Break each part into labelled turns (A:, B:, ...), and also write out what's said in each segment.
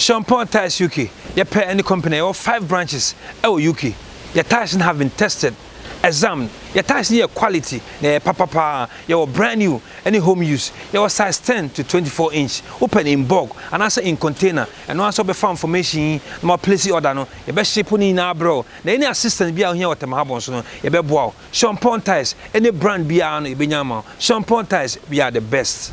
A: Champagne Tiles UK, yɛpɛ any company ɛwɔ five branches Oh UK. Yɛ tiles have been tested, examined. Yɛ tiles no quality. quality eh, pa pa pa. Yɛwɔ brand new any home use. Yɛwɔ size 10 to 24 inch. Open in bulk and also in container. And Ɛno nso bɛfa information yi na ma place order no. Yɛbɛship ne now, bro. Na any assistant Be a ohia wɔ Tɛmahabɔ so no, yɛbɛboa wo. Champagne Tiles, any brand Be no yɛbɛnya ama wo. Champagne Tiles, we are the best.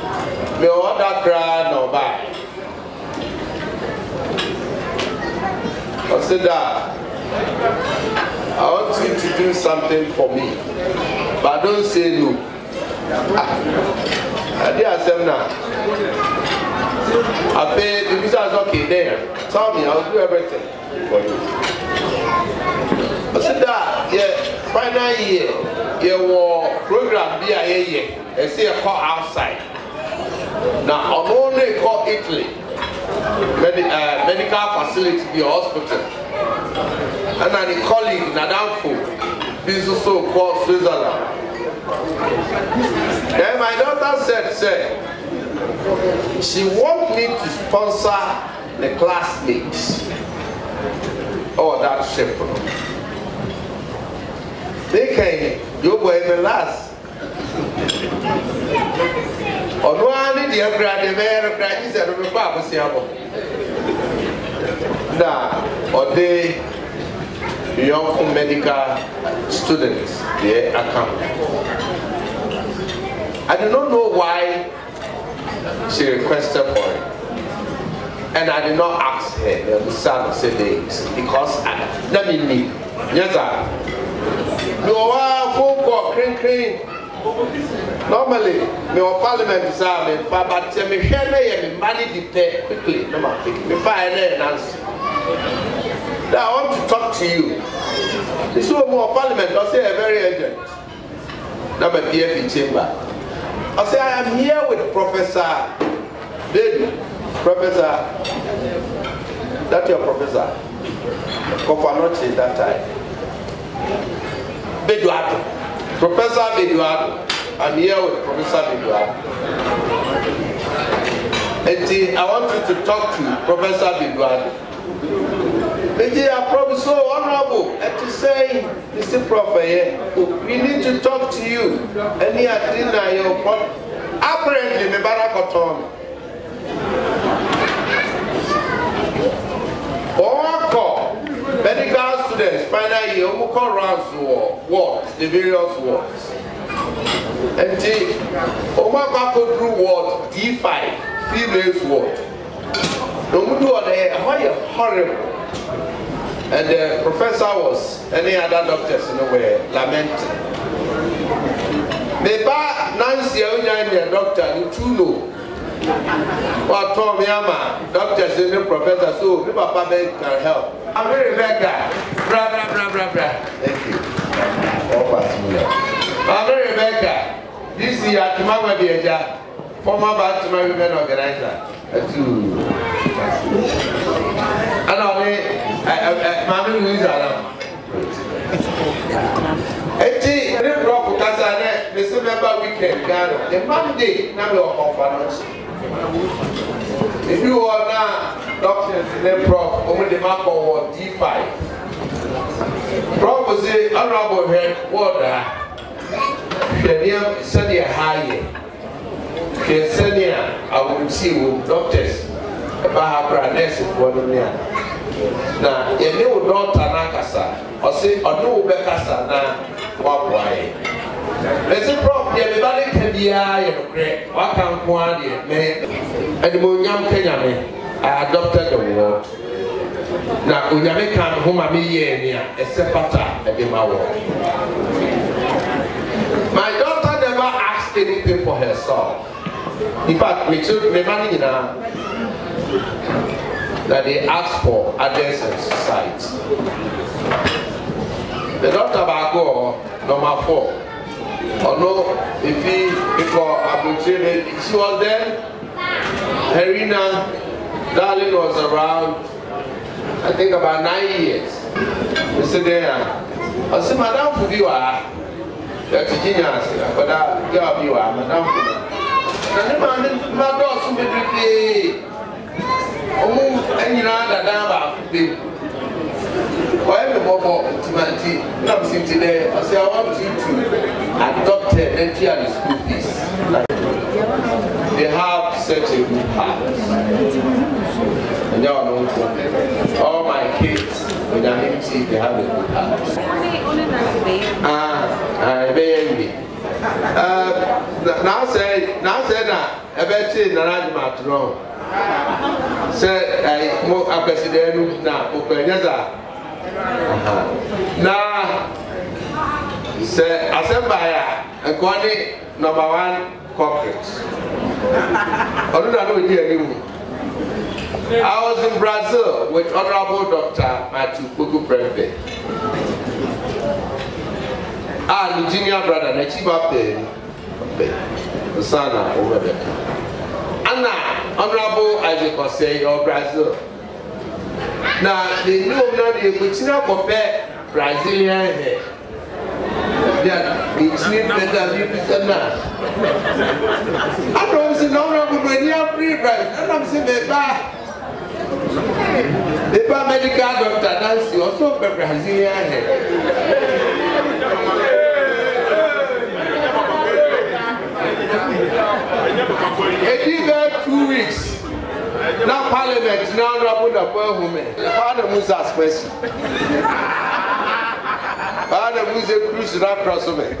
B: me ɔda koraa na ɔba ɔsi da I want you to do something for me but don't say no ah adi asem na abe the visa is okay there tell me I will do everything for you ɔsi da yɛ final year yɛ wɔ program bi a yɛ yɛ ɛsi yɛ kɔ outside na ɔno ne kɔ italy medi ɛɛ eh, medical facility bi hospital ɛna ne colleague nadanfo bi nso so kɔ switzerland then my daughter said say she want me to sponsor the classmates oh, that's simple. no they can yóò bɔ last ɔno ara ne deɛ kura deɛ bɛyɛ no kura yi sɛ no bɛkɔ na ɔde yɔnko medical student deɛ aka I do not know why she requested for it. And I did not ask her, the son said, because I, let me leave. Yes, sir. No, I phone call, cring, normally me wɔ parliament saa uh, me mpa but sɛ mehwɛ ne yɛ me mma ne di pɛ quickly no ma pick me pa yɛ ne yɛ nansi now i want to talk to you this one wɔ parliament ɔsɛ yɛ very urgent na ma pie fi chamber ɔsɛ i am here with professor david professor that your professor kofanoti that time bedu ado. Professor Beduado. I'm here with Professor Beduado. Eti, uh, I want you to talk to Professor Beduado. Eti, uh, I promise so honorable. Eti say, Mr. Professor, we need to talk to you. Any adina your pot. Apparently, me barakoton. Oh, medical students final year who call rounds wɔ wards the various wards nti wɔn akɔ akɔduru ward d5 females ward na wɔn du wɔn yɛ ɛhɔ horrible and the professor was any other doctors you no know, were lamenting meba nancy ɛwunyanyɛ doctor ntu no. Wato mi ama doctors ni professors so mi papa can help. Amiri Rebecca bra bra bra bra bra. Thank you.
A: I'm pass
B: Rebecca this year Atumawa bi ẹja former Batuma women organizer. Etu. Ana ɔni ɛ ɛ maami Louisa na. Eti ne blɔk kasa ne ne se mɛ ba weekend the Monday na mi wɔ kɔnfɔnɔnsi. If you are now doctor name prof, only the mark of what D5. Prof Honorable Head, what the a higher. Can send I will see with doctors about her na yɛne wo dɔɔta akasa na woaboa yɛ ɛsɛ prof deɛ meba ne ka biara yɛ nokorɛ waka nko a deɛ me animonyam ka nyame adopted the world na onyame ka me ho ma meyɛɛ ne a ɛsɛ pata ɛde ma wɔ my daughter never asked anything for herself in fact me children me ma ne nyinaa that they ask for others in society the doctor baako normal four ɔno efi ikɔ abotire eti wɔn dɛ Herina darling was around I think about nine years ɛsɛ dɛ ya ɔsi madamfo bi wɔ ha yɛtu gyinya ase akɔda girl bi wɔ ha madamfo na ne maa ne ma dɔɔso bebree ɔmo nyinaa dada baako bɛ mu ɔyɛ mi mɔbɔ ntimanti na mi si ti dɛ ɔsi i want you to adopt her entry school fees they have such a good heart ɛnyɛ wɔn ho nko all my kids onyame ti they have a good heart. ah ah ebe yɛ nwi n'asɛ n'asɛ na ɛbɛ kye nana adwuma atoro sɛ ɛɛ mo apɛsidɛ nu na okpɛ nyɛ saa na sɛ asɛm baeɛ a nkɔɔ ne number one corporate ɔno na ne ɔdi anim I was in Brazil with Honorable Doctor Matthew Kogu Brembe. Ah, the junior brother, the chief up there, the son of Obebeka. Anna, Honorable Isaac Osei of Brazil na the loom na de ekokyina kɔpɛ brazilian hair bia ekyini tẹta bi bisa na anam si na ɔna bubu eni apiri brazil anam si meba meba medical doctor nancy ɔsɔ pɛ brazilian hair. Edi bɛ two weeks. na parliament na honorable Dapper Hume, Father Musa's person. Father Musa Cruz that crossover.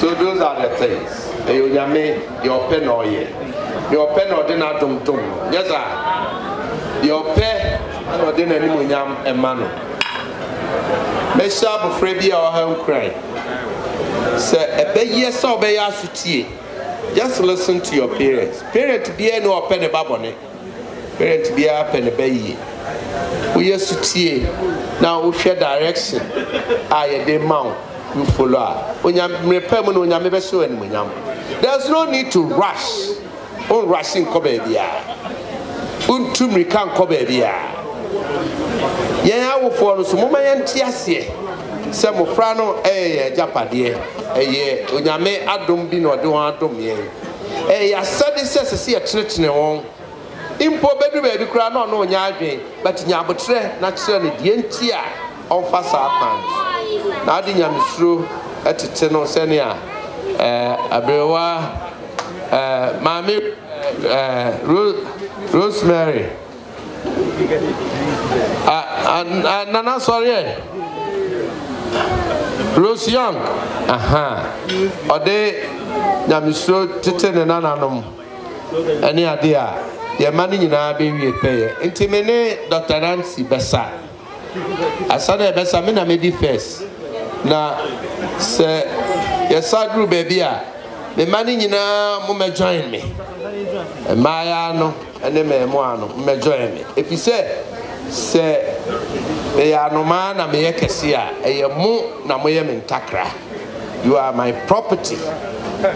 B: So those are the things. Eyo nyame your pen or oye Your pen or dinner dum dum. Yes sir. Your pen or dinner ni munyam emano. Mesha bufrebi our home cry. Sir, ebe yes or be asutie. just listen to your parents parent biara na ɔpɛ ne ba bɔne parent biara pɛ ne ba yie woyɛ so tie na wohwɛ direction a yɛde ma wo you follow a onyame pɛ mu na onyame bɛhyɛ wo animonyam there is no need to rush won rush nkɔ baabiara wontu mmirika nkɔ baabiara yɛn awofoɔ no so moma yɛnte aseɛ sɛ mmɔfra no ɛyɛ yɛn agyapadeɛ ɛyɛ onyame adom bi na ɔde wɔn adom yɛn ɛyɛ asɛde sɛ sɛ sɛ yɛtenetene wɔn mpo bɛdu baabi koraa na ɔno ɔnyɛ adwen but nya abotrɛ na kyerɛ no deɛ nti a ɔmfa saa kwan na ade nyamesuro ɛtete no sɛnea ɛɛ aberewa ɛɛ maame ɛɛ rosemary a a nana sɔre yɛ. rose young ɔde nyamesuro tete ne nananom ɛne ade a yɛma no nyinaa bɛwie pɛyɛ nti me ne dr nancy bɛsa asa na ɛbɛsa me na medi first na sɛ yɛsa duru baabi a mema no nyinaa mommɛjoin me mmaayaa no ne mmaamua no mmɛjoin me ɛfiri sɛ sɛ meyɛ anomaa na meyɛ kɛse a ɛyɛ mo na moyɛ me ntakra you are my property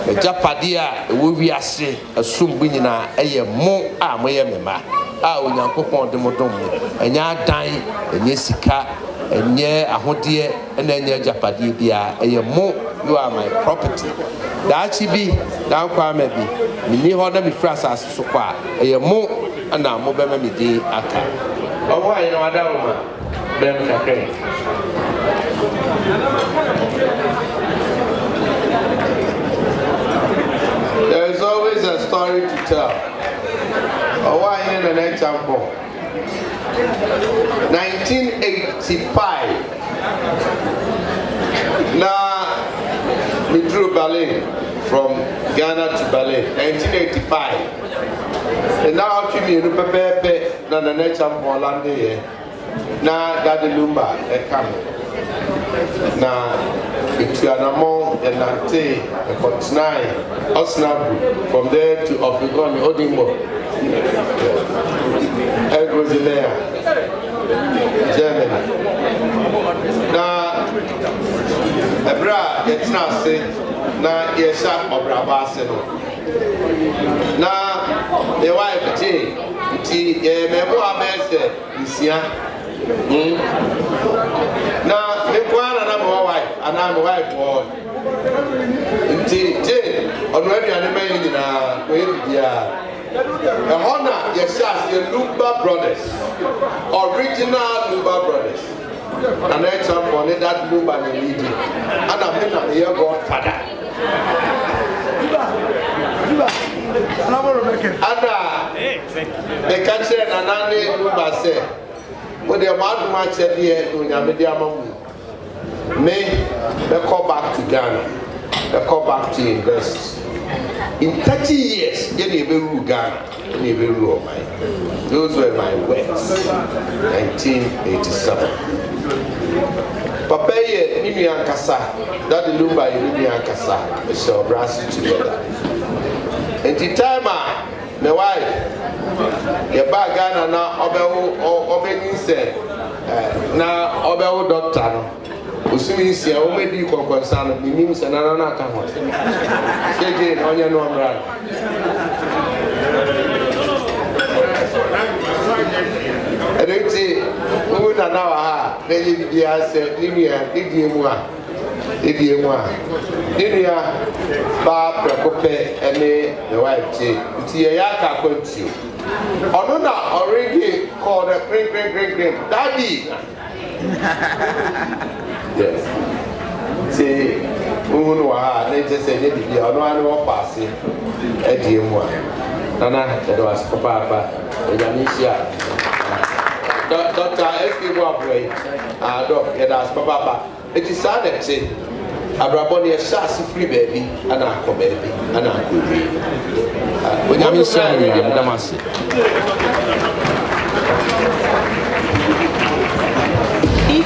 B: agyapadeɛ a ɛwɔ wiase asombu nyinaa ɛyɛ mo a moyɛ me mma a onyankopɔn de mo dom no ɛnyɛ adan ɛnyɛ sika ɛnyɛ ahodeɛ ɛna ɛnyɛ agyapadeɛ biara ɛyɛ mo you are my property daakye bi dankɔ ama bi menni hɔ na mefiri asase so kɔ a ɛyɛ mo na mobɛma me din aka ɔmo a yɛnɛ wada wo ma Brem Kakre. There is always a story to tell. Ọwọ́ anyị an example. 1985 Now we midru Berlin from Ghana to Berlin 1985 And now I'm na ahọ́twi mmienu the na Nana Echampo ọla landing here. na dade lumba ɛka eh, no na etuanamɔ ɛnante ɛkɔtenae ɔsenabu from there to ɔfikɔne ɔdimbɔ ɛgrosilea eh, germany na ɛberɛ a yɛtena ase na yɛhyɛ ɔbraba ase no na yɛwɔ ayɛpɛtee nti yɛyɛ mɛboa bɛyɛ sɛ nsia Hmm? na nekuara na mɔ wae anaa mɔ wae poɔ nti gye ɔno aduane e bɛyɛ nyinaa wɔyɛ biribiaa ɛhɔ na yɛhyɛ aseɛ lumba brothers original lumba brothers na na ɛkyerɛ e mɔ ne dat lumba na ɛyi di ana me na meyɛ god father ana meka kyerɛ nana ne lumba sɛ mo deɛ maadom akyɛdeɛ na onyame de ama mu me bɛkɔ back to ghana bɛkɔ back to invest. in thirty years yɛn na ebɛwu ghana yɛn na ebɛwu ɔman those were my words nineteen eighty seven papa yɛ ne nua nkasa dadi lumba yɛ ne nua nkasa ɛhyɛ ɔbrɛ ase together nti time a. Ah, me wife eh, a gaa na ɔbɛwo ɔbɛni na ɔbɛwo dɔkta no o no na ọ ho gyegye na ɔnyɛ no ɔmra no nana ha na ɛyɛ biribiara sɛ ne nua ne emu a e, ebie mu a ne ya baa prɛko pɛ ne wife kye nti yɛyɛ aka akwantuo ɔno na ɔredi kɔɔ no krenkrɛnkrɛnkrɛn dadi nti wohu ha ne nkyɛ sɛ nyɛ biribi ɔno a ne wɔkɔ ase a nana yɛde wɔ ase papaapa ɛnyame nhyia dɔkta ɛfi mu yi ah, apa. eti saa na ɛte abrabɔ no yɛhyɛ ase firi baabi ana akɔ baabi ana akɔ wie ah, onyame nhyɛ ayɛ yɛmdam ase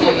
A: Thank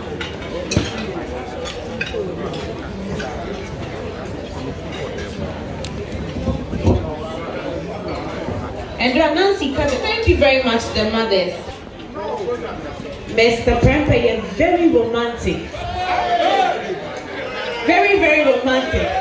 A: Andra Nancy Carter, thank you very much, the mothers. Mr. Premper, you're very romantic. Very, very romantic.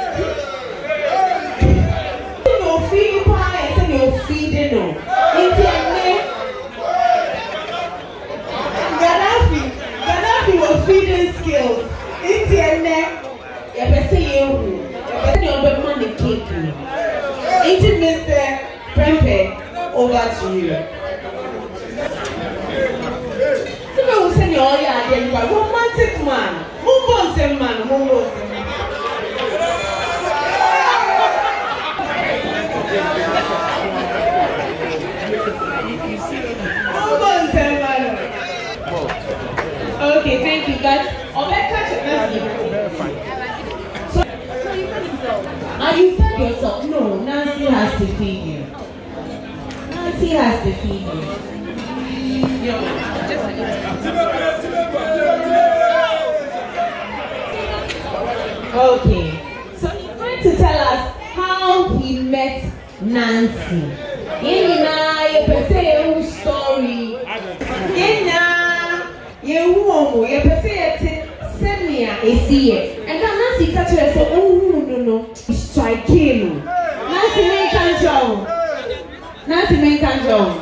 A: you are romantic man. who wants a man, who wants a man. Okay, thank you guys. Obeka Chukwu. So, so you fed yourself? Are ah, you fed yourself? No, Nancy has to feed you. Nancy has to feed you. Okay. So he's going to tell us how he met Nancy. Yena, you pese yehu story. Yena, yehu omo, you pese yete semia esiye. And then Nancy catch her so, oh no no, strike him. Nancy make control. Nancy make control.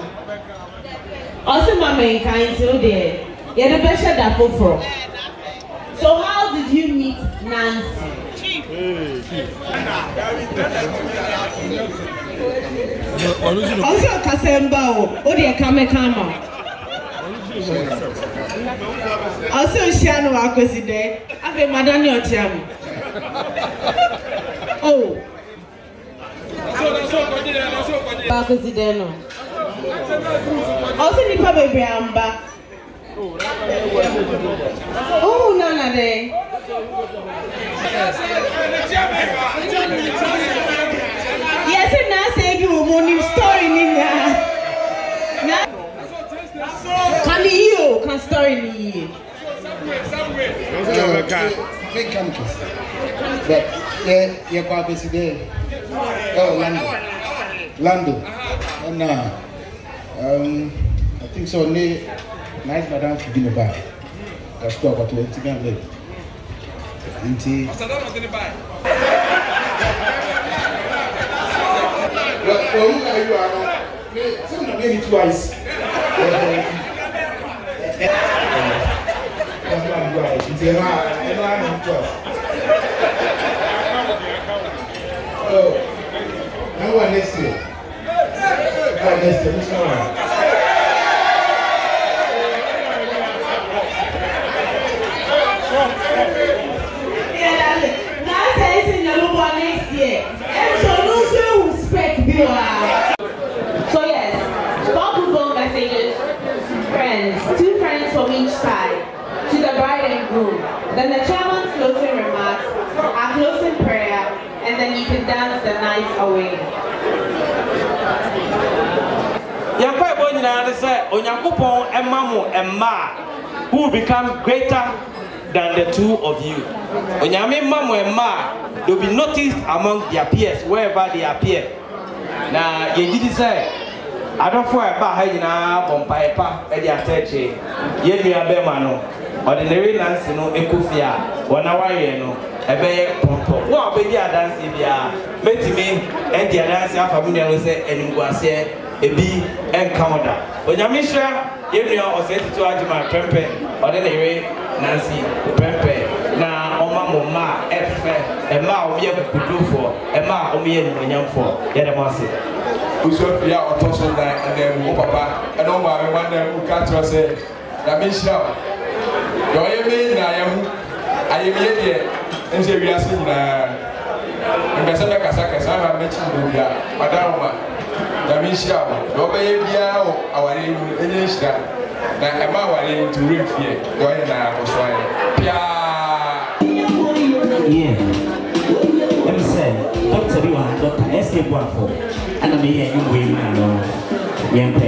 A: Also, my main kind, so there. You're the best that for. ọsọ kasa mba o o de ɛka mɛka ama ọsọ nhyia no wa akosi dɛ afei mada ne ɔtea mu o wa akosi dɛ no ɔsọ nipa bebree amba. Oh, no, no, Yes, and now say you morning story in there. Can you can story in Big countries,
B: but yeah, you're Yeah, yeah, there. Oh, Lando, Lando, and now, um, I think so nice madam fìdí mi báyìí gàṣùkú àpàtọ ẹ ti gàn lẹbi nti. òun náà yọ àná mi tí mo nà ní twice oh, now what next year? What next year? Which one?
A: So yes, to coupon messages, friends, two friends from each side, to the bride and groom. Then the chairman's closing remarks, our closing prayer, and then you can dance the night away. yɛnkɔ ɛbɔ nyinaa ne sɛ a who become greater than the two of you onyame ma
B: mo a they will be noticed among their peers wherever they appear na yɛgye di sɛ adɔfoɔ a ɛbaa ha nyinaa bɔ mpaeɛ pa de atɛkye yɛn nua bɛrima no ɔde ne re nansi no kɔ fie a wɔn a wayɛ no ɛbɛyɛ pɔmpɔ wɔn a wɔbɛdi adansi biara mɛtumi di adansi afa mu nua no sɛ animguaseɛ ebi nka ho da onyame hyɛ yɛn nua ɔsɛ titiwa
A: adwuma pɛmpɛ ɔde nansi pɛmpɛ. mma a
B: ɛfɛ mma a wɔyɛ kodofoɔ mma a wɔyɛ nimonyamfoɔ yɛde mo ase. busuafie a ɔtɔ so dan ɛdan wo papa ɛna wo maame ma dan mu ka kyerɛ sɛ nyame nhyira wo deɛ ɔyɛ me nyinaa yɛ ho ayɛmiyɛ deɛ nhyɛ wiase nyinaa mpɛ sɛ mɛkasakasa ama mɛkyi baabi a madam ma nyame nhyira wo deɛ ɔbɛyɛ biara wɔ awareɛ mu ɛnyɛ nhyira na ɛma awareɛ nti woremfie deɛ ɔyɛ naa
A: dɔkta bi wɔ ha dɔkta ɛsɛ bu afɔ ɛna mi yɛ ɛmu yi